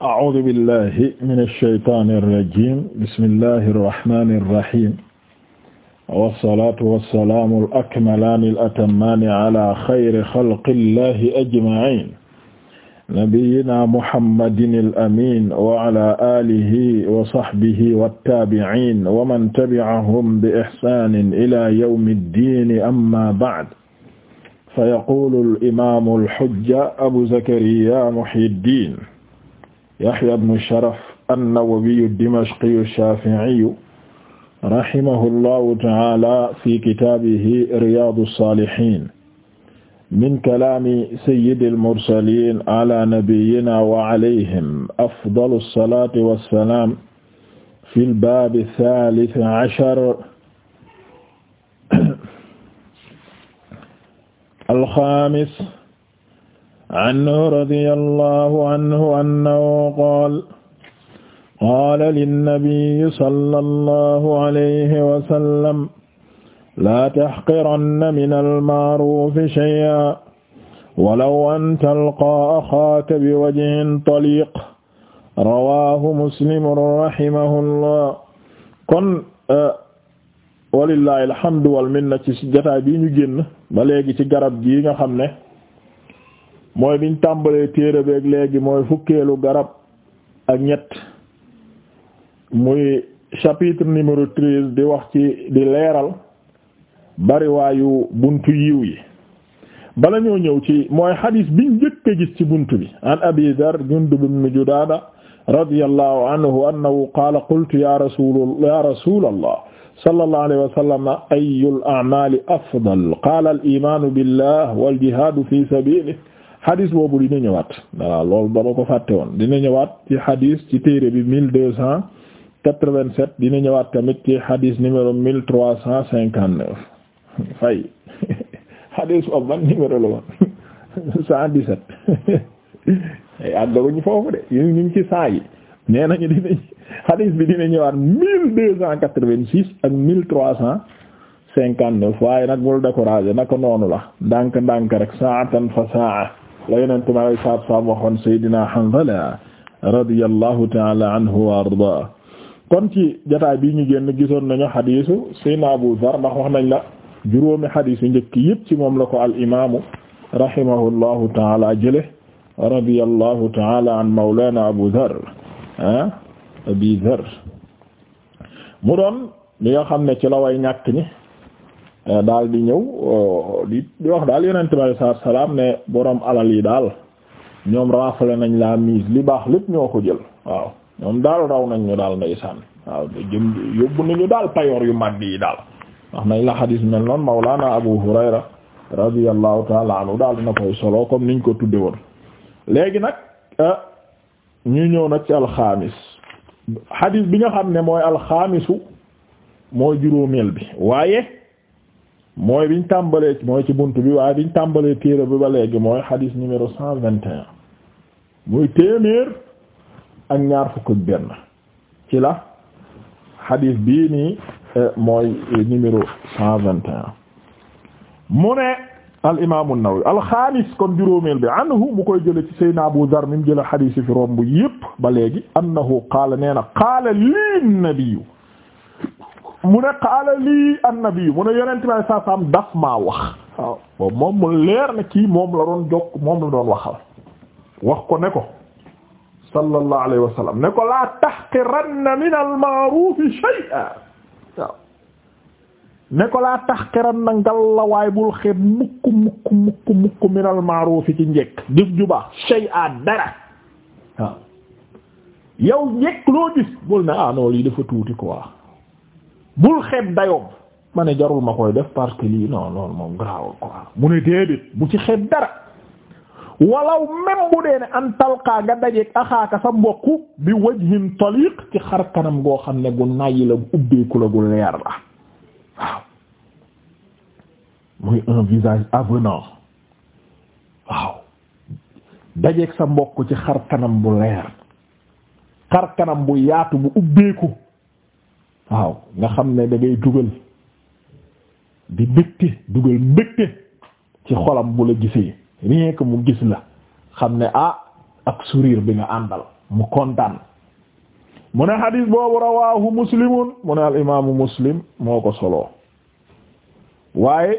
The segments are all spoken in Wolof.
a'uuzu billahi mina shaytaani rajiim bismillahi rahmaani rahiim wassalaatu wassalaamu al-akmalaani al-atammaani alaa xayri xalqillahi ajma'iin nabiyyinaa muhammadin al-amiin wa alaa aalihi wa sahbihi wat-taabi'iin wa man tabi'ahum bi ihsaanin ilaa yawmi ddiin ammaa ba'd fa yaquulu al-imaamu al-hujja abu zakariyaa muhyi ddiin Yahya ibn Sharaf an-Nawawi ad-Dimashqi ash-Shafi'i rahimahullahu ta'ala fi kitaabihi Riyaadu as-Saalihiin min kalaami sayyidil mursaliin ala nabiyyinaa wa alayhim afdalu as-salaati was-salaam fil baabi as-saalis ashar al-khaamis anhu radiyallahu anhu annahu qaala qaala linnabiyyi sallallahu alayhi wa sallam laa tahqiranna minal ma'ruufi shay'an walaw an talqaa axaaka biwajhin taliiq rawaahu muslimun rahimahullah kon eh, walillaahi alhamdu wal minna ci jotaay bii ñu génn ba léegi ci garab gii nga xam ne mooy biñ tàmbalee téere beeg léegi mooy fukkeelu garab ak ñett muy chapitre numéro treize di wax ci di leeral bariwaayu buntu yiw yi bala ñoo ñëw ci mooy xadis biñ njëkk a gis ci buntu bi an abi dar jundub ibn judaada radiyallahu anhu annahu qaala qultu ya rasul ya rasul allah sallallahu alayhi wa sallam ayyul a'maali afdal qaala al imaanu billah wal jihaadu fi sabiilihi hadis boobu dina ñëwaat voilà loolu dama ko fàtte woon dina ñëwaat ci hadis ci téere bi mille deux cent quatre-vingt-sept dina ñëwaat tamit ci hadis numéro mille trois cent cinquante-neuf fay hadis boobu ban numéro la eh, de ñu ngi ci saa yi nee nañu dina hadis bi dina ñëwaat mille deux cent quatre-vingt-six ak mille trois cent cinquante-neuf waaye nag bul décourager naka noonu la ndànk ndànk rek saatan fa saa la yonente mi alayhi waxoon Seydina Hanzala radiyallahu ta'ala anhu wa kon ci jotaay bi ñu génn gisoon nañu xadiisu Seydina Abu Dharr ndax wax la juróomi xadiis yu njëkk ci moom la ko al imaamu rahimahullahu ta'ala jële radiyallahu ta'ala mawlana Abu Dharr ah Abi mu doon li xam ne ci la way Euh, daal di ñëw euh, di wax daal yonent bi alayhi salaam ne borom alal yi daal ñoom raafale nañ la mise li baax lépp ñoo ko jël waaw ñoom daal raw nañ ñu daal ndeysaan waaw jëm yóbbu nañu daal payoor yu mag yi daal ndax nañ la xadiis mel noonu Mawlana Abu Hurayra radiyallahu ta'ala anhu daal dina koy solo comme niñ ko tudde woon léegi nag euh, ñu ñëw nag ci alxaamis xadiis bi nga xam ne mooy alxaamisu mooy juróomeel bi waaye mooy biñ tàmbalee mooy ci bunt bi waaye biñ tàmbalee téere bi ba léegi mooy xadiis numéro cent vingt muy téeméer ak ñaar fukk ak benn ci la xadiis bii nii eh, mooy numéro mu ne al imaamu Nawawi al xaamis kon juróomeel bi anhu mu koy jële ci Seydina Abu Dar mi mu jële xadiis yi fi romb yépp ba léegi annahu qaala nee na qaala lii nabiyu mu ne qaala lii annabi mu ne yonent bi saa saam daf maa wax waaw boobu moom mu leer na kii moom la doon jokk moom la doon waxal wax ko ne ko sallallahu alayhi wa sallam ne ko laa tahqiranna min al-ma'ruf shay'an waaw ne ko laa tahqiranna ngalla waay bul xeeb mukk mukk mukk mukk min al-ma'ruf ci njekk jëf ju baax shay'an dara waaw yow njekk loo gis bul ne ah non lii dafa tuuti quoi bul xeeb dayoom ma ne jarul ma koy def parce que lii non loolu moom garaawul quoi mu ne déedéet bu ci xeeb dara walaw même bu dee ne an talqaa nga dajeeg axaaka sa mbokk bi wajhin taliq ci xar kanam goo xam ne gu nayi la gu ubbeeku la gu leer la waaw muy un visage avenant waaw dajeeg sa mbokk ci xar kanam bu leer xar kanam bu yaatu bu ubbeeku waaw nga xam ne da ngay dugal di mbégte dugal mbégte ci xolam bu la gisee rien mu gis la xam ne a ah, ak sourire bi nga àndal mu kontaan mu ne xadis boobu rawahu muslimun mu ne al imaamu muslim moo ko solo waaye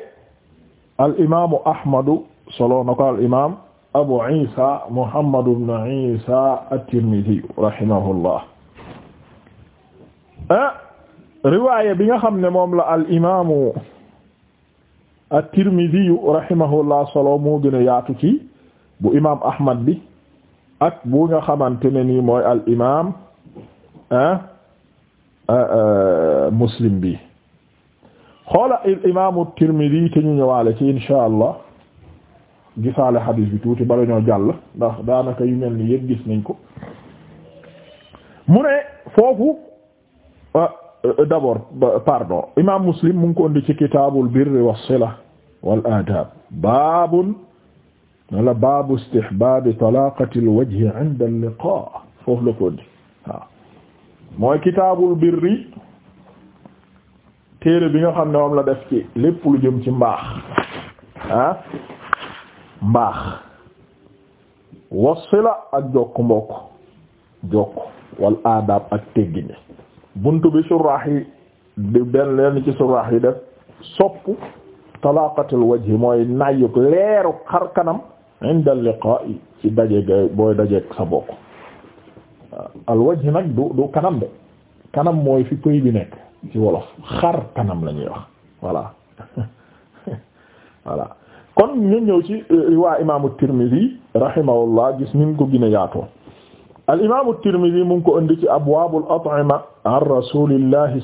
al imaamu ahmadu soloo na al imaam abu isa muhammadu ibn isa at-tirmidhi rahimahullah ah, riwaaya bi nga xam ne moom la al imaamu at-Tirmidhi rahimahullah solo moo gën a yaatu ci bu imaam Ahmad bi ak bu nga xamante ne nii mooy al imaam ah, ah, ah, Muslim bi xoola al imaamu at-Tirmidhi te ñu ñëwaale ci insha allah gisaale xadiis bi tuuti bala ñoo jàll ndax daanaka yu mel ni yëpp gis nañ ko mu ne foofu. Euh, d'abord pardon imam Muslim mu ngi ko indi ci kitaabul birri was-sila wal adab baabun wala baabu istihbaabi talaaqatil wajhi inda al-liqaa foofu la ko indi waaw téere bi nga xam ne moom la def ci lépp lu jëm ci mbaax ah mbaax sila ak jokk mbokk jokk wal adab ak teggini buntu bi suraax yi di benn leen ci suraax yi def sopp talaqatul wajhi mooy nayyuk leeru xar kanam inda liqaa'i ci daje booy dajeeg sa bokk al wajhi nag du du kanam de kanam mooy fi pëy bi nekk ci wolof xar kanam la ñuy wax voilà voilà kon ñu ñëw ci euh, riwaa imaamu Tirmidhi rahimahullah gis niñ ko gën yaatoo al imaamu Tirmidi mu ngi ko indi ci abwaabul at'ima an rasuulillahi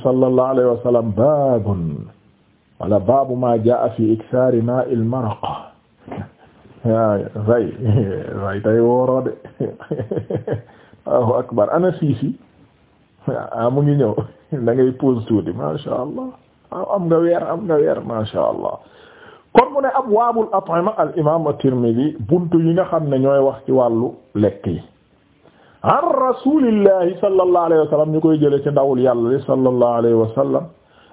baabu maa jaa'a fi iksaari maa'il maraq ray tay wooroo de akbar ana siisi a ah, mu ngi ñëw ma sha Allah ah, am nga am nga ma sha Allah kon mu ne abwaabul at'ima yi nga xam ne ñooy wax ci wàllu lekk yi an rasulillahi sallallahu alayhi wa ñu koy jëlee ci ndawul yàlla li sallallahu alayhi wa sallam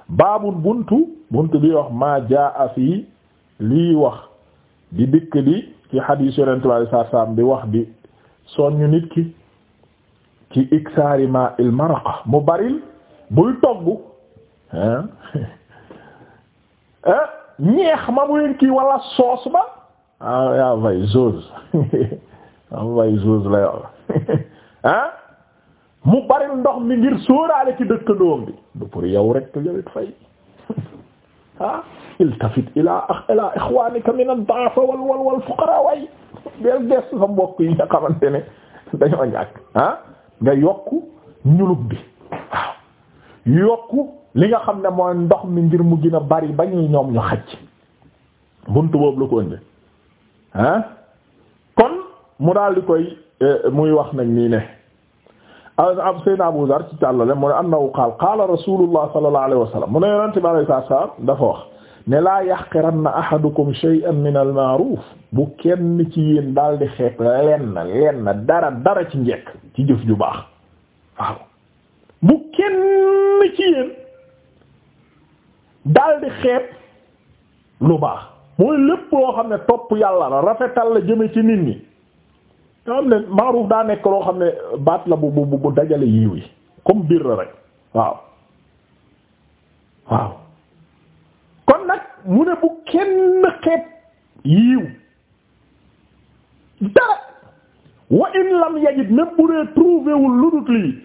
baabul buntu buntu bi wax maa jaa fii lii wax di dikk di ci xadiis yonent bi wax di soññu nit ki ci iksaari ma il maraqa mu baril buy togg ah ñeex ma muy kii wala soos ba ah yaa vay zose am vay zose la yow ah mu bari ndox mi ngir sóoraale ci dëkkandoom bi du pour yow rek yowit fay ah iltafit ila ila ixwanika min ad-da'af wal wal wal fuqara way del gestu sa mbokk yi nga xamante ne dañoo ñàkk ah nga yokk ñulub bi waaw yokk li nga xam ne mooy ndox mi ngir mu gina bari ba ñuy ñoom ñu xaj buntu boobu la ko ënde ah mu daal di koy eh, muy wax nag nii ne am sayna Abu Zar ci càllale mu ne annahu qaal qaala rasulullah sallallahu alayhi wa sallam mu ne yonente salaam dafa wax ne laa yahqiranna ahadukum shay'an min al bu kenn ci yéen daal di xeeb lenn lenn dara dara ci njekk ci jëf baax waaw bu kenn ci yéen daal di xeeb lu baax mooy lépp loo xam ne topp yàlla la rafetal la ci nit ñi nga xam ne maaruuf daa nekk loo xam ne baat la bu bu bu dajale yiw yi comme biir la rek waaw waaw kon nag mu ne bu kenn xeet yiiw dara wa in lam yajid même bu dee trouvé lu dul lii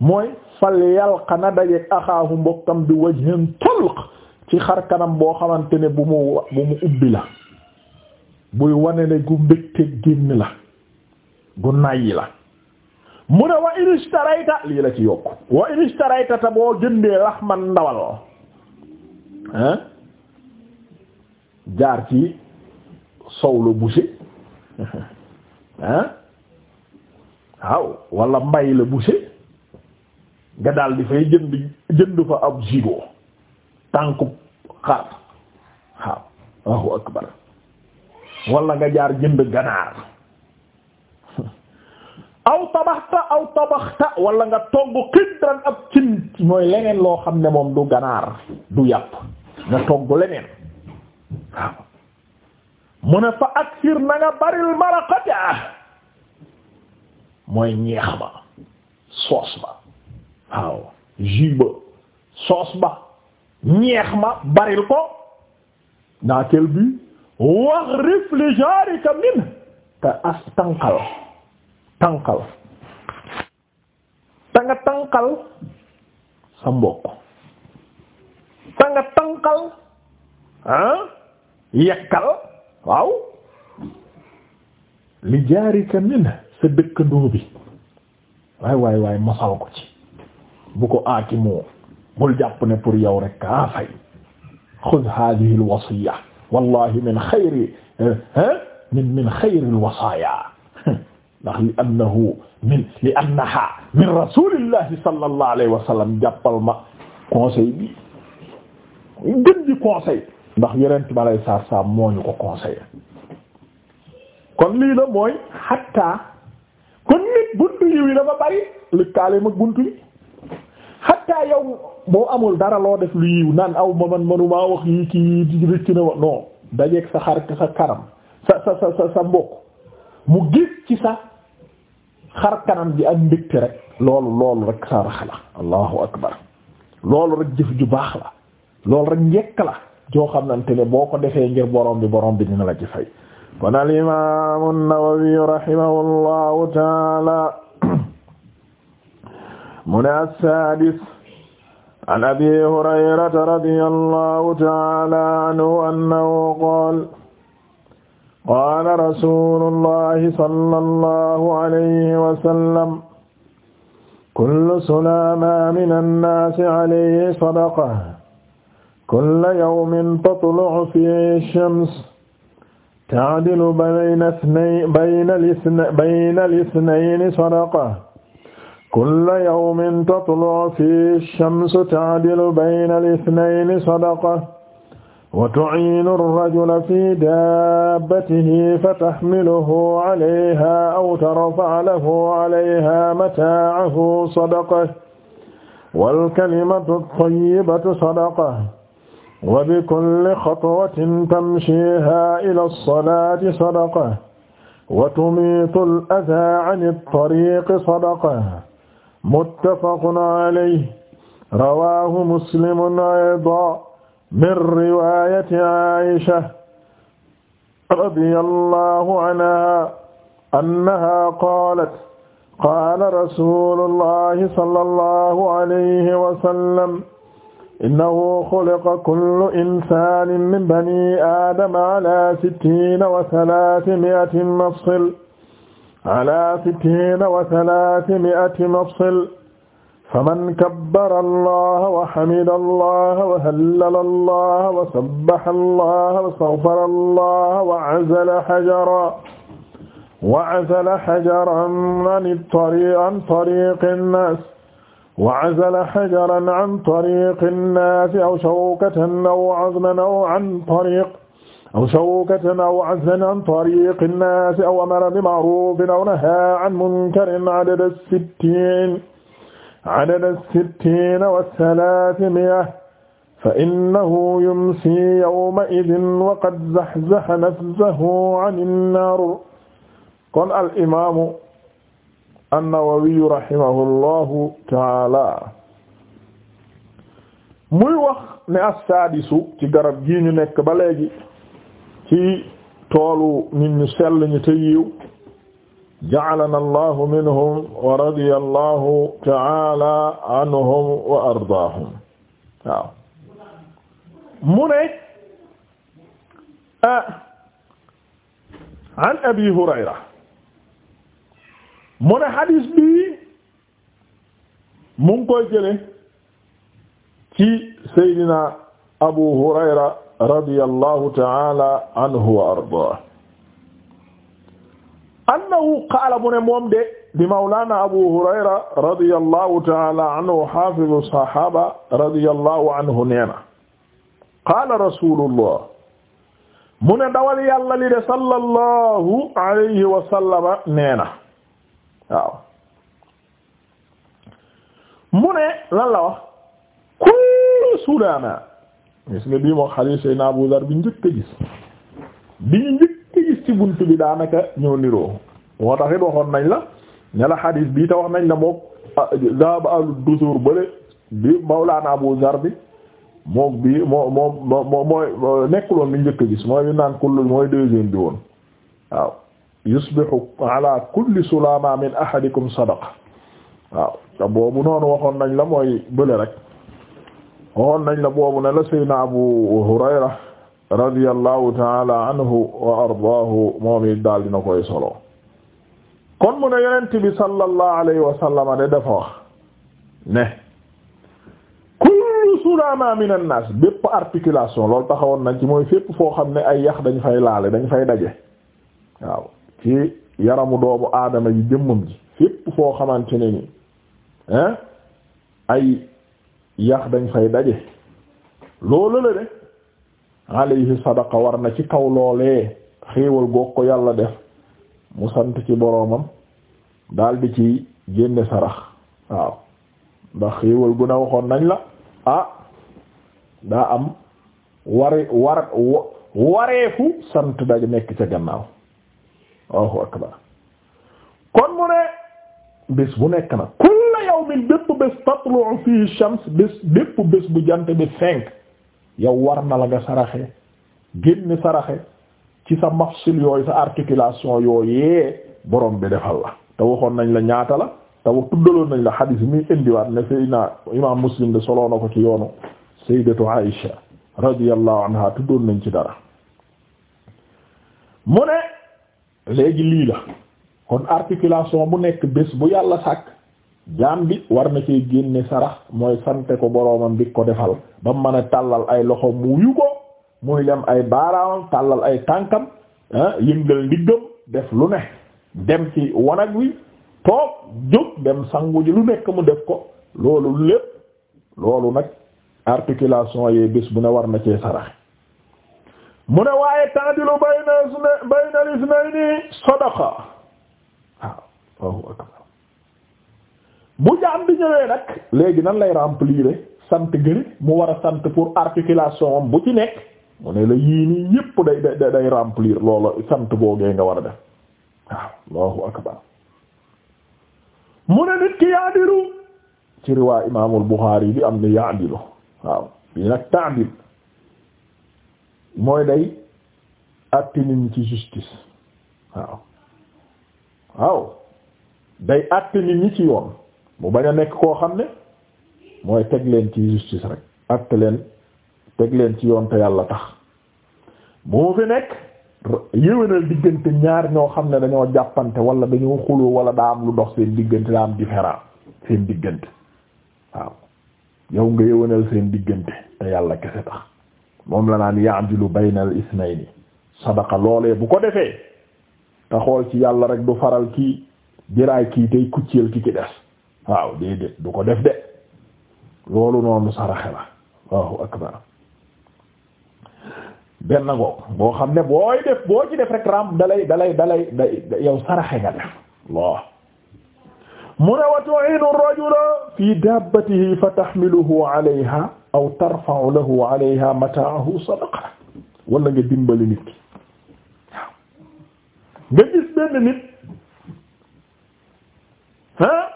mooy fal yalqa na dajeeg axaahu mbokkam bi wajhin talq ci xar kanam boo xamante ne bu mu bu mu ubbi la buy wane ne gu mbégte génn la gu nay la mu ne wa in ishtarayta lii la ci yokk wa in ishtarayta ta boo jëndee laxman ndawal hein jaar ci sow la boucher hein waaw wala mbay la boucher nga daal di fay jënd jënd fa ab gigot tànku xar waaw waaw akbar wala nga jaar jënd ganaar aw tabaxta aw tabaxta wala nga togg xidran ab cin mooy leneen loo xam ne moom du ganaar du yàpp nga togg leneen mu ne fa ak na nga baril maraqata mooy ñeex ba soos ba waaw jus soos ba ñeex ma baril ko naa kel bi wax rif jaarika min te as tànqal tànqal ta nga tànqal sa mbokk ta nga tànqal ah yekkal waaw li jaarika min sa dëkkandoo bi waay waay waay masal ko ci bu ko aaki moo bul jàpp ne pour yow rek kaa fay xud hadhihi al wasiya wallahi min xayri eh, eh, min min xayri al wasaaya ndax li annahu min li annaha min rasulillahi sallallahu alayhi wa sallam jàppal ma conseil bi gën di conseil ndax yonent bi alay saar saam moo ñu ko conseillé kon lii la mooy xatta kon nit buntu yiw yi dafa bari li kaale mag buntu yi xatta yow boo amul dara loo def lu yiw naan aw ma man manumaa wax yi kii di rëcc na wa non sa xar sa karam sa sa sa sa mbokk mu gis ci sa xar kanam ji ak mbégte rek loolu loolu rek sarax la allahu akbar loolu rek jëf ju baax la loolu rek njekk la joo xamante ne boo ko defee ngir borom bi borom bi dina la ci fay kon al imam an-Nawawi rahimahullahu taala mu ne as-sadis an abi hurayrata radiyallahu taala anhu annahu qaala qaala rasuulullahi sallallahu alayhi wa sallam kullu sulaama mina nnaasi alayhi sadaqa kulla yawmin tatlu'u fiihi shamsu ta'dilu bayna al-ithnayni sadaqa kulla yawmin tatlu'u fiihi shamsu ta'dilu bayna al-ithnayni sadaqa wa tu'iinu ar-rajula fii daabatihi fatahmiluhu 'alayhaa aw tarfa'u lahu 'alayhaa mataa'ahu sadaqatun wal kalimatu at-tayyibatu sadaqatun wa bikulli xatwatin tamshiihaa ilaa as-salaati sadaqatun wa tumiitu al-adhaa 'ani at-tariiqi sadaqatun muttafaqun 'alayhi rawaahu muslimun aydan min riwayati aisha radi allahu anha annaha qalat qala rasulullahi sallallahu alayhi wasallam innahu xuliqa kullu insanin min bani aadama ala sittina wa salaasimi'ati mafsil ala sittina wa salaasimi'ati mafsil faman kabbara allaha wa hamida allaha wa hallala allaha wa sabbaha allaha wa astaghfara allaha wa azala hajaran wa azala hajaran an tariqi nnaas wa azala hajaran an tariqi nnaasi aw shawkatan aw azman aw an tariq aw shawkatan aw azman an tariqi nnaasi aw amara bima'ruufin aw nahaa an munkarin adada sittiin adada sittiina wa salaasimiya fa innahu yumsi yawma idin wa qad zahzaha nafsahu ani nnaar kon al imaamu annawawiyu rahimahullahu taala muy wax ne assaadisu ci garab gii ñu nekk ba léegi ci toolu nit ñu sell ñu te yiw ja'alana allahu minhum wa radiya allahu ta'ala anhum wa ardaahum waaw mu ne ah, an abi hurayra mu ne xadis bi mu ngi koy jële ci seydina abu hurayra radiyallahu ta'ala anhu wa ardaahu annahu qaala mu ne moom de di mawlana abu hurayra radiyallahu ta'ala anhu hafizu sahaba radiyallahu anhu neena qaala rasulullah mu ne dawal yàlla li de sallallahu alayhi wa sallama neena waaw mu ne lan la wax kullu sudana gis nga bii moo xali seyna abu dhar bi njëkk a gis bi ñu njëkk a gis ci bunt bi daanaka ñoo niroo moo tax it waxoon nañ la ne la bii te wax nañ la mook zahaba ahlu dusur bële bi mawlaana Abu Zar bi bii moo moo mooy nekkuloon li njëkk gis mooy bi naan kullu mooy deuxième bi woon waaw yusbihu ala kulli sulama min ahadikum sadaqa waaw te boobu noonu waxoon nañ la mooy bële rek waxoon nañ la boobu ne la Seydina Abu Hurayra radiyallahu taala anhu wa ardaahu moom it koy solo kon mu ne yonent bi sallallahu alayhi wa de dafa wax ne kullu sulama min bépp articulation lool taxawoon nañ ci mooy fépp foo xam ne ay yax dañ fay laale dañ fay daje waaw ci yaramu doomu aadama yi jëmmam ji fépp foo xamante ne ni ay yax dañ fay daje loolu la de alayhi war na ci kaw loolee xéewal goo ko yàlla def mu sant ci boroomam daal di ci génne sarax waaw ndax xéewal gu na waxoon nañ la ah daa am wari war wareefu sant da nekk ca gannaaw Allahu akbar kon mu ne bés bu nekk nag kulla yawmin bépp bés tatlu'u fihi shams bés bés bu jant bi fenk yow war na la nga saraxe génne saraxe ci sa mafsil yooyu sa articulation yooyee borom bi defal la te waxoon nañ la ñaata la te wax tuddaloon nañ la xadiis mi indiwaat ne Seydina imaam Muslim de soloo na ko ci yoonu Sayyidatu Aïsha radiyallahu anha tuddoon nañ ci dara mu ne léegi lii la kon articulation bu nekk bés bu yàlla sàkk jaam bi war na ci génne sarax mooy sante ko boroomam bi ko defal ba mu mën a tàllal ay loxo mu wuyu ko muy lem ay baaraamam tàllal ay tànkam ah, yëngal ndiggam def lu ne dem ci wanag wi toog jóg dem sangu ji lu nekk mu def ko loolu lépp loolu nag articulation yee bés bu ne war na cee sarax mu ne waaye ta'dilu bayna bayna al-ithnayni sadaqa bu jaam bi ñëwee nag léegi nan lay remplir sant gëri mu war a sant pour articulation am bu ci nekk mu ne la yii nii yépp day day day remplir loolu sant boogee nga war a def waaw allahu akbar mu ne nit ki yaadilu ci riwaa imaamul Buxaari bi am na yaadilu waaw bi nag taadil mooy day àtte nit ñi ci justice waaw waaw day àtte nit ñi ci yoon mu bañ a nekk koo xam ne mooy teg leen ci justice rek àtte leen teg leen ci yoon te yàlla tax moo fi nekk yéwénal diggante ñaar ñoo xam ne dañoo jàppante wala dañoo xuloo wala daa am lu dox seen diggante daa am différent seen diggante waaw yow nga yéwénal seen diggante te yàlla kese tax moom la naan ya'dilu baynal isnayni sadaqa loolee bu ko defee te xool ci yàlla rek du faral kii jëraay kii tey kucceel ki ci des waaw déedéet du ko def de loolu noonu saraxe la waaw akbar benn ngoog boo xam ne booy def boo ci def rek ram dalay dalay dalay yow saraxe nga def mu ne wa tu'inu ar-rajula fi dabbatihi fa tahmiluhu alayha aw tarfa'u lahu alayha mata'ahu sadaqa wala nga dimbali nit nga gis benn nit ah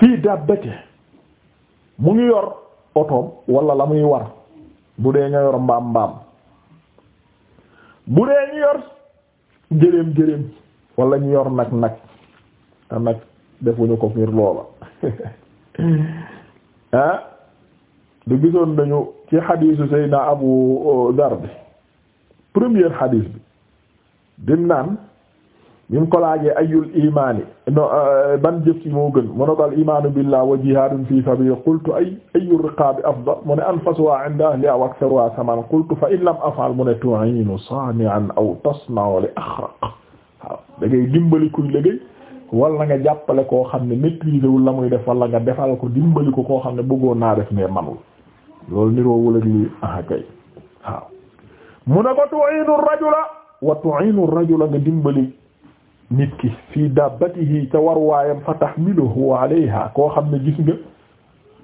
fii dabbatihi mu ngi yor otoom wala la muy war bu dee nga yor mbaam mbaam bu dee ñu yor gëléem gëléem wala ñu yor nag nag a nag defuñu ko ngir loola ah du gisoon nañu ci xadiisu Seydina Abu Dar bi premier xadiis bi dim naan bi mu ko laajee ayul imaani no euh, ban jëf ci moo gën mu ne ko al imaanu billah wa jihaadun fi sabiil qultu ay ayu riqaabi afdal mu ne anfasuha inda ahliha wa aktharuha saman qultu fa in lam af'al mu ne tu'inu saani'an aw tasna'u li axraq waaw da dimbali kuy liggéey wala nga jàppale koo xam ne maîtriser wul la muy def wala nga defal ko dimbali ko koo xam ne bëggoon naa def mais manul loolu niroowul ak lii ah mu ne ko tu'inu rajula wa tu'inu rajula nga dimbali. nit ki fii dabbatihi ca war waayam fa tahmiluhu alayha koo xam ne gis nga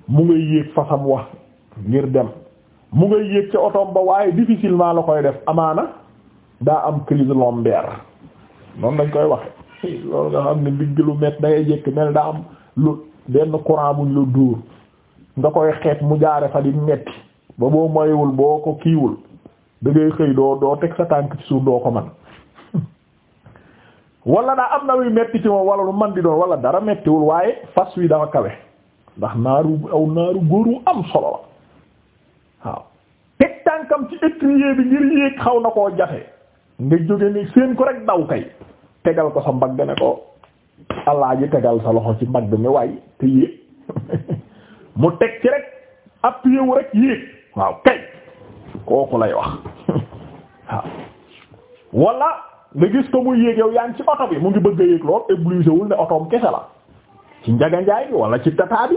mu ngay yéeg fasam wax ngir dem mu ngay yéeg ca otoom ba waaye difficilement la koy def amaana daa am crise lombaire noonu lañ koy waxe loolu nga xam ne ndigg lu met dangay jekk mel daa am lu benn courant buñ lu dóor nga koy xeet mu jaare fa di metti ba boo moywul boo ko kiiwul dangay ngay xëy doo doo teg sa tànk ci suuf doo ko man wala daa am na luy metti ci lu man di doon wala dara mettiwul waaye fas wi dafa kawe ndax naaru aw naaru góoru am solo la waaw teg tànkam ci étrier bi ngir yéeg xaw na koo jafe nga jóge ni seen ko rek daw kay tegal ko sa mbagg ne ko alaaji tegal sa loxo ci mbagg mi waay te yéeg mu teg ci rek appuyé rek yéeg waaw kay kooku lay wax waaw nga gis ko muy yéeg yow yaa ci oto bi mu ngi bëgg a yéeg lool obligé wul ne otoom kese la ci njaga bi wala ci tataa bi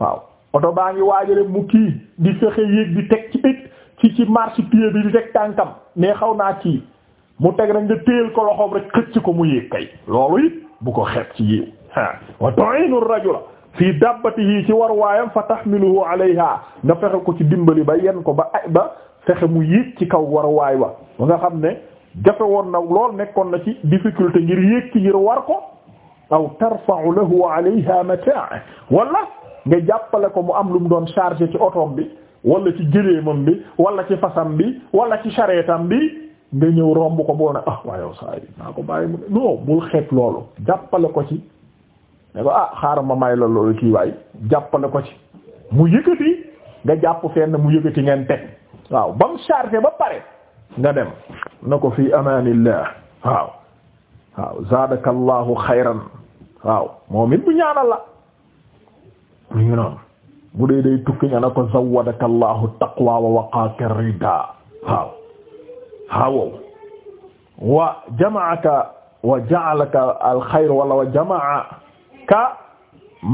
waaw oto baa ngi waajale mu kii di fexe yéeg di teg ci it ci ci marchepied bi di teg tànkam mais xaw naa kii mu teg rek nga téyel ko loxoom rek xëcc ko mu yéeg kay loolu it bu ko xeeb ci yiw ah wa tu'inu rajula fii dabbatihi ci war waayam fa tahmiluhu alayha nga fexe ko ci dimbali ba yenn ko ba ay ba fexe mu yéeg ci kaw war wa ba nga xam ne jafe woon na lool nekkoon na ci difficulté ngir yéeg ci ngir war ko aw tarfa'u lahu alayha mataa wala nga jàppale ko mu am lu mu doon chargé ci otoom bi walla ci gëléemam bi wala ci fasam bi wala ci chareetam bi nga ñëw romb ko boo ne ah waaye yow naa ko bàyyi mu ne non bul xeet loolu jàppale ko ci ne ko ah xaaral ma may la loolu kii waay jàppale ko ci mu yëkkati nga jàpp fenn mu yëkkati ngeen teg waaw ba mu chargé ba pare. nga dem na ko fi amaanillah waaw waaw zaadakallahu xayran waaw moom it bu ñaanal la mu ngi noonu bu dee day tukki nga na ko zawadakallahu taqwa wa waqaaka rida waaw waaw wa jamaaka wa ja'alaka alxayr wala wa jamaaka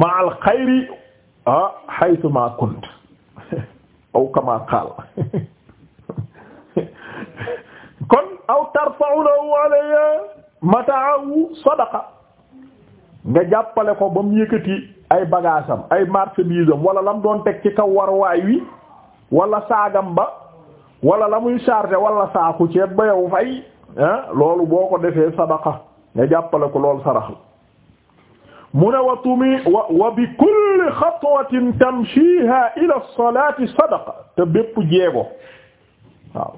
ma alxayri ah haythu ma kunt aw kama qaal kon aw tarfa'u lahu alayha mata'ahu sadaqa nga jàppale ko ba mu yëkkati ay bagaasam ay marchandise am wala lam doon teg ci kaw warwaay wi wala saagam ba wala la muy chargé wala saaku ceeb ba yow fay ah, loolu boo ko defee sadaqa nga jàppale ko lool sarax la mu ne wa tumi wa wa bi kulli xatwatin tamshiha ila salati sadaqa te bépp jeego waaw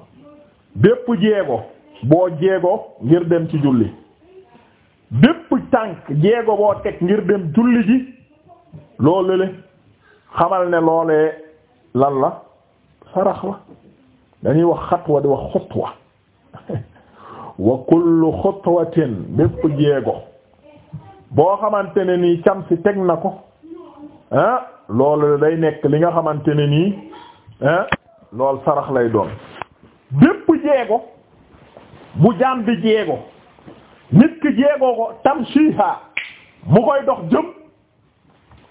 bépp jéego boo jéego ngir dem ci julli bépp tànk jéego boo teg ngir dem julli ji loolu le xamal ne loolee lan la sarax la dañuy wax xatwa di wax xutwa wa kullu xutwatin bépp jéego boo xamante ne nii cam si teg na ko ah loolu day nekk li nga xamante ne nii ah lool sarax lay doon bépp jeego bu jaam bi jeego nit ki ko tamshiha mu koy dox jëm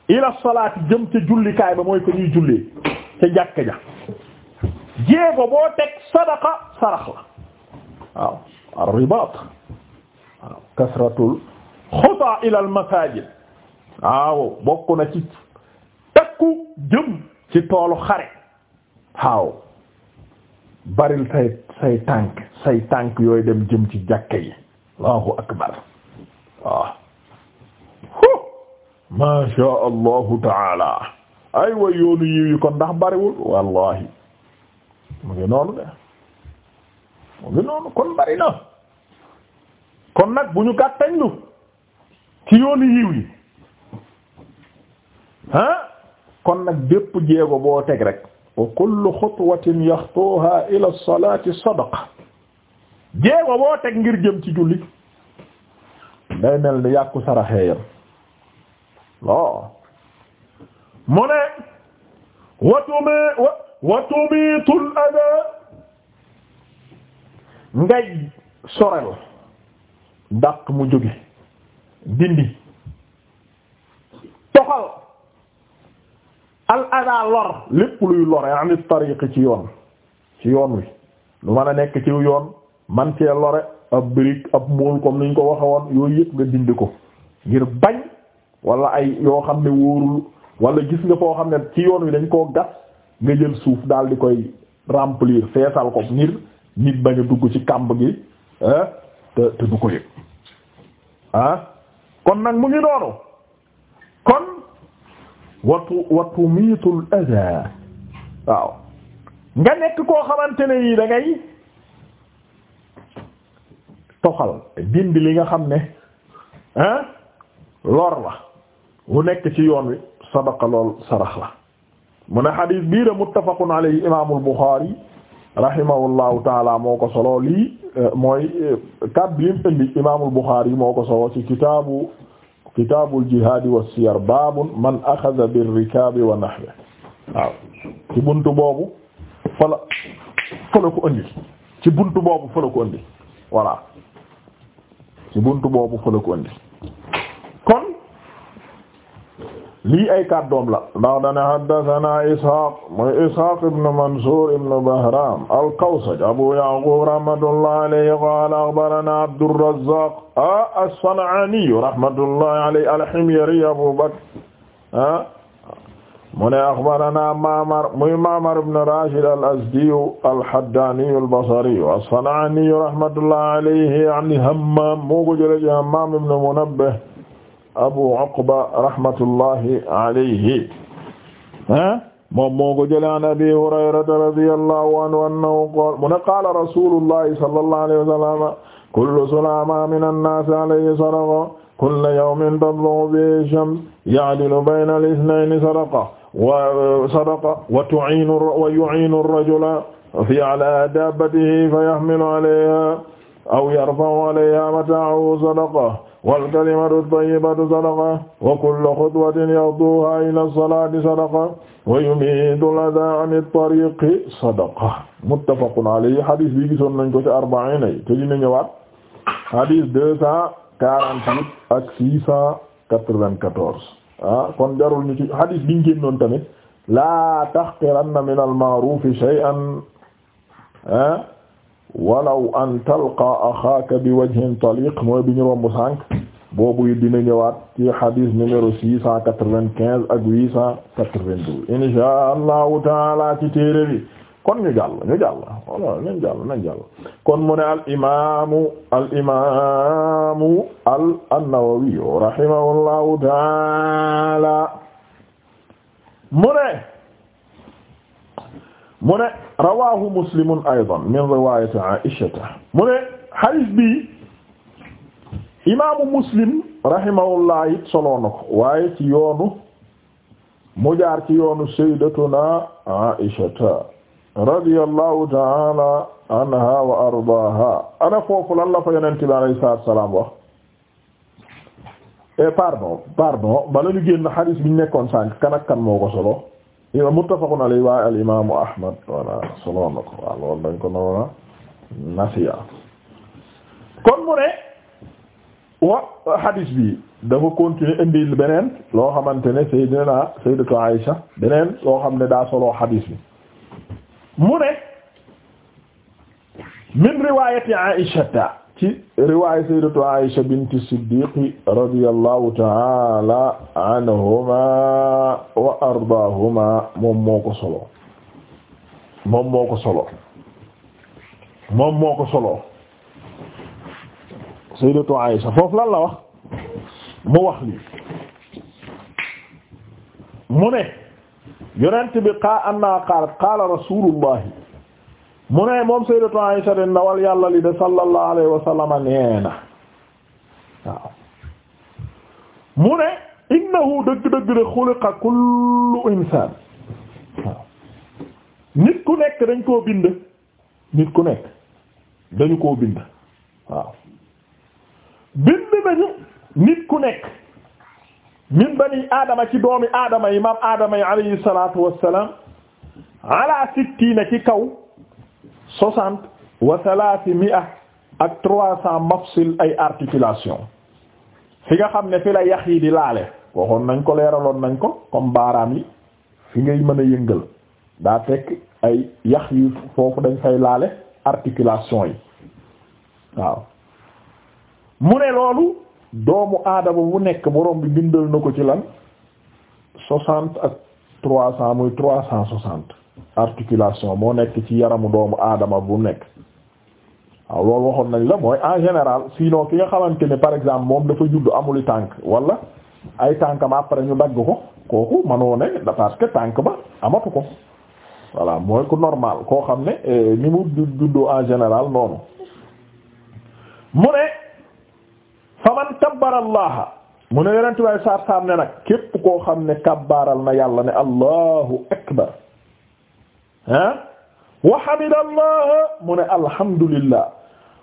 ila salaati jëm ca jullikaay ba mooy ko ñuy jullee ca jàkka ja jeego boo teg sadaqa sarax la waaw ar waaw kasratul xutaa ila al waaw bokk na ci takku jëm ci toolu xare waaw baril say say tànk say tànk yooyu dem jëm ci jàkka yi allahu akbar waaw ah. ma sha allahu taala ay wa yoonu yiw yi kon ndax bariwul wallahi mu ngi noonu de mu ngi noonu kon bari na kon nag bu ñu gàttañlu ci yoonu yiw yi ah kon nag bépp jéego boo teg rek wa kullu xutwatin yaxtuha ila lsolati sadaqa jéego boo teg ngir jëm ci julli day mel ni yàkku saraxee yam lo mu ne watumi wa tumiitul ada ngay sorel dàq mu jóge dindi toxal al lor lépp luy lore anit tariqi ci yoon ci yoon wi lu mën a nekk ci yoon man cee lore ab brique ab mool comme ni ñu ko waxe woon yooyu yëpp nga dindi ko ngir bañ wala ay yoo xam ne wóorul wala gis nga foo xam ne ci yoon wi dañ koo gas nga jël suuf daal di koy remplir feesal ko ngir nit bañ dugg ci kàmb gi te te du ko yëg ah kon nag mu ngi noonu kon watu watu miitul aza waaw nga nekk koo xamante ne yii da ngay toxal dindi li nga xam ne ah lor la lu nekk ci yoon wi sadaqa lool sarax la mu ne xadis bii de muttafaqun alayhi imaamul Buxaari rahimahullahu taala moo ko solo lii eh, mooy eh, kàddu yi mu indi imaamul Buxaari moo ko solo ci kitaabu kitaabul jihaadi wa siyar baabun man axada birrikaabi wa nahwi waaw ci buntu boobu fala fala ko andi ci buntu boobu fala ko andi voilà ci buntu boobu fala ko andi lii ay kàddoom la ndax dane haddathana ishaq mooy ishaq ibn mansour ibn bahram al-kawsaj abu yaqub rahmatullahi alayhi qala akhbarana abdurrazzaq ah, as-san'ani rahmatullahi alayhi al-himyari abu bakr ah, mu ne akhbarana ma'mar muy ma'mar ibn rashid al-azdi al-haddani al-basri as-san'ani rahmatullahi alayhi an hammam moo ko jëlee ci hammam ibn munabbih abu uqba rahmatullahi alayhi moom moo ko jëlee an abi hurayrata radiyallahu anhu annahu qaala mu ne qaala rasulullahi sallallahu alayhi wa sallam kullu sulama min annaas alayhi sadaqa kulla yawmin tatla'u fihi shams ya'dilu bayna al-ithnayni sadaqa wa sadaqa wa tu'inu wa yu'inu ar-rajula fi ala dabbatihi fa yahmilu alayha aw yarfa'u alayha mata'ahu sadaqa wal kalimatu tayyibatu sadaqa wa kullu xutwatin yahduha ila salaati sadaqa wa yumiitu ladaa ani tariqi sadaqa muttafaqun alayhi hadis bi gisoon nañ ko ci arba'iin yi te dina ñëwaat hadis deux cent quarante-huit ak six cent quatre-vingt-quatorze ah kon jarul ñu ci hadis biñ génnoon tamit laa taxqiranna mina al-ma'ruufi shay'an ah, walaw an talqa axaaka bi wajhin taliq mooy bi ñu romb sànq boobu it dina ñëwaat ci hadis numéro six cent quatre-vingt-quinze ak huit cent quatre-vingt-douze insha allahu taala ci téere bi kon ñu jàll ñu jàll wala nañ jàll nañ jàll kon mu ne al imaamu al imaamu al an-Nawawi rahimahullahu taala mu ne mu ne rawahu muslimun aydan min riwayati aishata mu ne hadis bi imaamu muslim rahimahullah it soloo ko waaye ci yoonu mu jaar ci yoonu saydatuna aishata radiyallahu taala anha wa ardaha ana foofu lan la fa yonent bi alayhi salaatu wa salaam e pardon pardon bala ñu génn hadis bi ñu nekkoon sànq kan kan moo ko solo muttafaqun alayhi wa al imaamu Ahmad voilà solo na ko waaw loolu dañ ko noona nasiya kon mu ne wa hadis bi dafa continuer indi beneen loo xamante ne sayyidina sayyidatu Aisha beneen loo xam ne daa solo hadis bi mu ne min riwaayati Aisha ci riwaaya sayyidatu Aisha binti Siddiqi radiyallahu ta'ala anhuma wa ardaahuma moom moo ko solo moom moo ko solo moom moo ko solo sayyidatu Aisha foofu lan la wax mu wax li mu ne yonent bi qaa anna qaala qaala rasuulullahi mu ne moom sayyidatu Aisha de ndawal yàlla li de sallallahu alayhi nee na waaw mu ne innahu dëgg-dëgg de xuliqa kullu insaan waaw nit ku nekk dañ koo bind nit ku nekk dañu koo bind waaw bind nañu nit ku nekk min bani aadama ci doomi aadama yi maam aadama yi alayhi salaatu wassalaam ala sittiina ci kaw soixante wa mi a ak trois cent mafsil ay articulation fi nga xam ne fi la yax yi di laale waxoon nañ ko leeraloon nañ ko comme baaraam yi fi ngay mën a yëngal daa fekk ay yax yi foofu dañ fay laale articulation yi waaw mu ne loolu doomu aadama bu nekk borom bi bindal na ko ci lan soixante ak trois cent muy trois cent soixante articulation moo nekk ci yaramu doomu aadama bu nekk waaw loolu waxoon nañ la mooy en général sinon ki nga xamante ne par exemple moom dafa amul i tànk wala ay tànkam après ñu dagg ko kooku mënoo ne parce que tànk ba amatu ko voilà mooy ku normal koo xam ne eh, ni mu juddoo en général noonu mu ne faman kabbara allah mu ne yonentu way saar ne nag képp koo xam ne kabbaaral na yàlla ne allahu akbar ah wa hamida allah mu ne alhamdulillah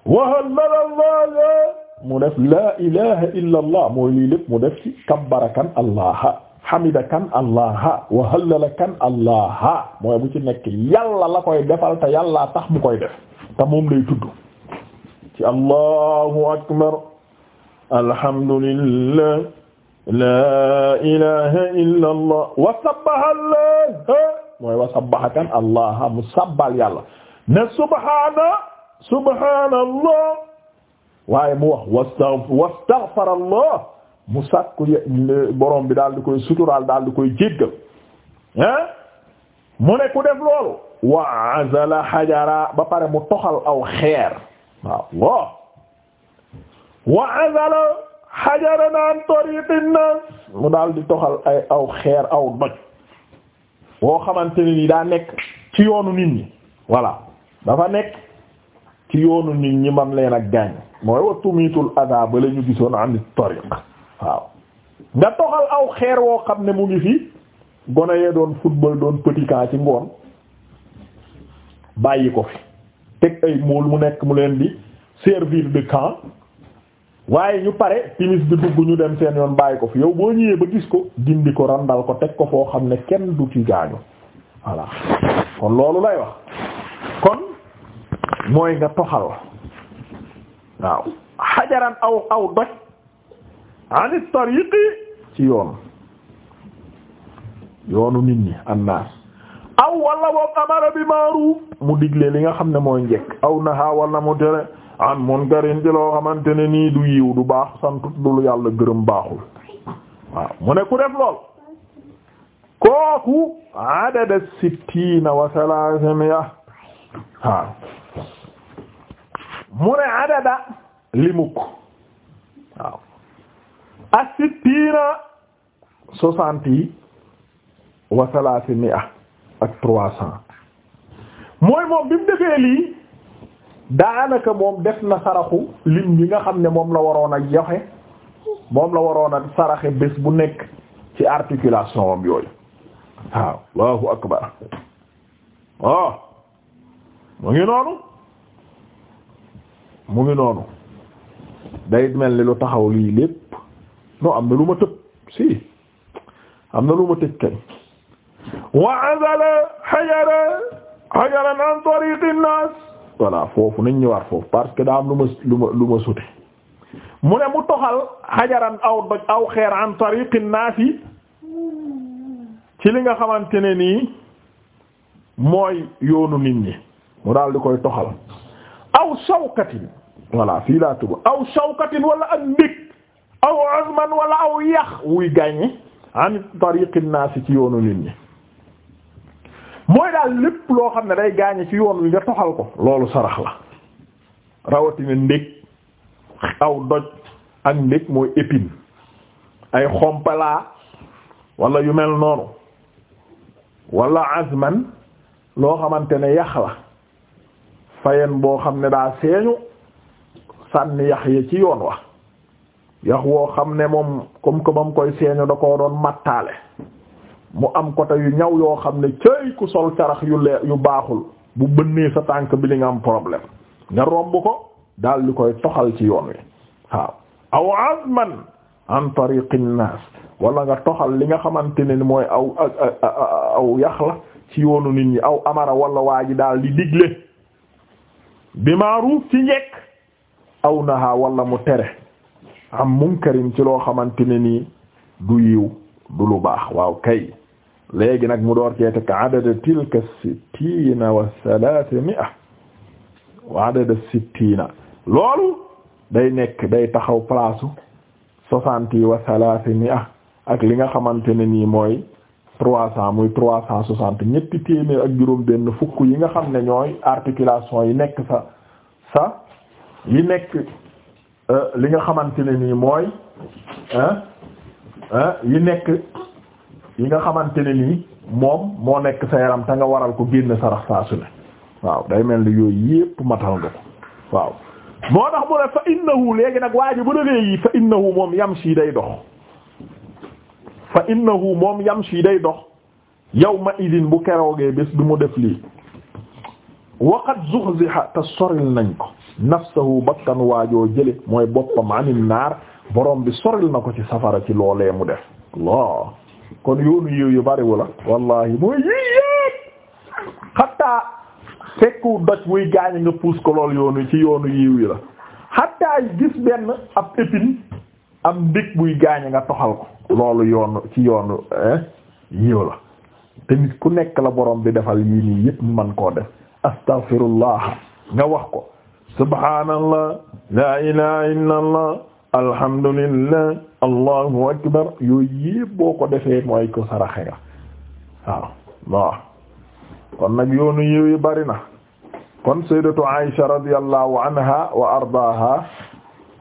wa hallala allah mu def la ilaha illa allah mooy lii lépp mu def ci kabbara kan allah hamida kan allah wa hallala kan allah mooy bu ci nekk yàlla la koy defal te yàlla tax mu koy def te moom lay tudd ci allahu akbar alhamdulillah la ilaha illa allah wa sabbaha allah mooy wa sabbahakan allah mu sabbal yàlla ne subhaana subhaanallah waaye mu wax wasta wastaghfarallah mu sàkku borom bi daal di koy suturaal daal di koy jéggal ah mu ne ku def loolu wa azala xajara ba pare mu toxal aw xeer waaw wa azala xajara naan tariqin nas mu daal di toxal ay aw xeer aw doj woo xamante ni daa nekk ci yoonu nit ñi voilà dafa nekk ci yoonu nit ñi man leen ak gaañ mooy wa tumiitul ada ba la ñu gisoon am tariq waaw nga toxal aw xeer woo xam ne mu ngi fi gone yee doon football doon petit ci ngoon bàyyi ko fi teg ay mool mu nekk mu leen di servir de camp waaye ñu pare timis bi dugg ñu dem seen yoon bàyyi ko fi yow boo ñëwee ba gis ko dindi ko randal ko teg ko foo xam ne kenn du ci gaañu voilà kon loolu lay wax kon mooy nga toxal waaw xajaran aw aw doj anit tariqi ci yoon yoonu nit ñi annaas aw wala boog amara bi ma'ruf mu digle li nga xam ne mooy njekk aw naha wala mu tere an munkarin ci loo xamante ne nii du yiw du baax santut dul yàlla gërëm baaxul waaw mu ne ku def lool kooku adada sittina wa salaasamiya waaw mu ne adada limuk waaw a sittina soixante yi wa salaasamiya ak trois cents mooy moom bi mu defee lii daanaka moom def na saraxu lim yi nga xam ne moom la waroon ak joxe moom la waroon ak saraxe bés bu nekk ci articulation am yooyu waaw Allahu akbar waaw oh, mu ngi noonu mu ngi noonu day mel ni lu taxaw lii lépp non am na lu ma tëb si am na lu ma tëj kay wa azala xajara xajaran an tariqi nnaas voilà foofu nañ waat foofu parce que daa am lu ma lu ma lu ma sute mu ne mu toxal xajaran aw doj aw xeer an tariqi naafi ci li nga xamante ne nii mooy yoonu nit ñi mu daal di koy toxal aw shawkatin voilà fii laa tuba aw shawkatin wala ak ndig aw azman wala aw yax wuy gàññe an tariqi naafi ci yoonu nit ñi mooy daal lépp loo xam ne day gaañe ci yoon wi nga toxal ko loolu sarax la rawatina ndég aw doj ak ndég mooy épine ay xompalaa walla yu mel noonu wala azman loo xamante ne yax la fayen boo xam ne daa seeñu sànni yax yi ci yoon wa yax woo xam ne moom comme que ba mu koy seeñu da koo doon mattaale mu am côté yu ñaw yoo xam ne cëy ku sol carax yu le yu baaxul bu bënnee sa tànk bi li nga am problème nga romb ko daal di koy toxal ci yoon wi waaw aw azman an tariqin nas wala nga toxal li nga xamante ne ni mooy aw aw yax la ci yoonu nit ñi aw amara wala waa ji daal di digle bi ma'ruf ci njekk aw naha wala mu tere am munkarin ci loo xamante ne nii du yiw du lu baax waaw kay léegi nag mu door cee tekk adada tilka sittina wa salaase mi'a wa adada sittina loolu day nekk day taxaw place soixante yi wa salaase mi'a ak li nga xamante ne nii mooy trois cent muy trois cent soixante ñetti téeméer ak juróom benn fukk yi nga xam ne ñooy articulation yi nekk sa sa yi nekk euh, li nga xamante ne nii mooy yi nekk yi nga xamante ne nii moom moo nekk sa yaram te nga waral ko génn sarax saa su waaw day mel ni yooyu yépp matal nga ko waaw moo tax mu ne fa innahu léegi nag waa ji bu dalee yi fa innahu moom yamshi day dox fa innahu moom yamshi day dox yawma idin bu keroogee bés bi mu def lii waqad zuxziha te soril nañ ko nafsahu bakkan waajoo jële mooy boppam anin naar borom bi soril na ko ci safara ci loolee mu def Allah kon yoonu yiw yu bariwu la wallahi mooy yii yépp xatta fekku doj muy gaañ nga puus ko lool yoonu ci yoonu yiw yi la xatta gis benn ab épine am ndég buy gaañ nga toxal ko loolu yoonu ci yoonu yiw la te ku nekk la boroom bi defal yii nii yépp man koo def astaghfirullah nga wax ko subhanallah la ilaha illallah alhamdulillah allahu akbar yooyu yëpp boo ko defee mooy ko saraxe nga waaw waaw kon nag yoonu yiw yi bari na kon sayyidatu Aisha radiyallahu anha wa ardaaha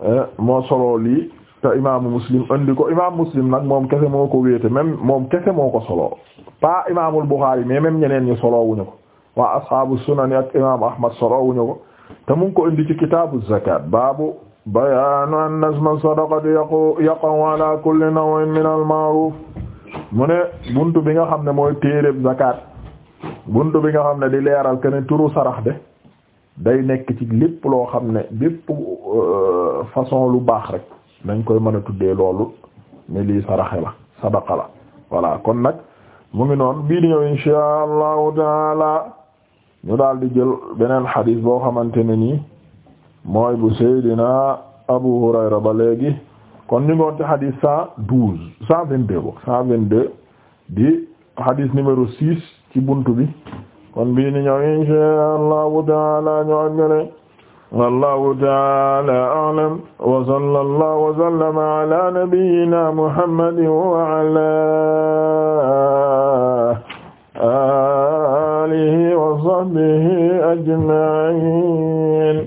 eh, moo solo lii te imaamu Muslim andi ko imaamu Muslim nag moom kese moo ko wéete même moom kese moo ko solo pas imaamul Bukhari mais ñeneen ñi solo ko waa ashaabu sunan ak imaamu Ahmad solo ko te mu ko indi ci kitaabu zakat baabu bayaanu anna isma sadaqati yaqa'u ala kulli naw'in min al-ma'ruf mu ne buntu bi nga xam ne mooy téereeb zakat buntu bi nga xam ne di leeral kenn turu sarax de day nekk ci lépp loo xam ne bépp euh, façon lu baax rek dañ koy mën a tuddee loolu ne lii saraxe la sadaqa la voilà kon nag mu ngi noonu bii di ñëw insha allahu taala ñu daal di jël beneen xadiis boo xamante ne nii mooy bu Seydina Abu Hurayra ba kon ñu ngi woon ci xadis cent douze cent vingt deux bo cent vingt deux six ci buntu bi kon bii ni ñëw insha allahu taala ñu àggale wallahu taala a'lam wa sallallahu wa sallama ala nabiyyina muhammadin wa ala alihi wa sahbihi ajma'in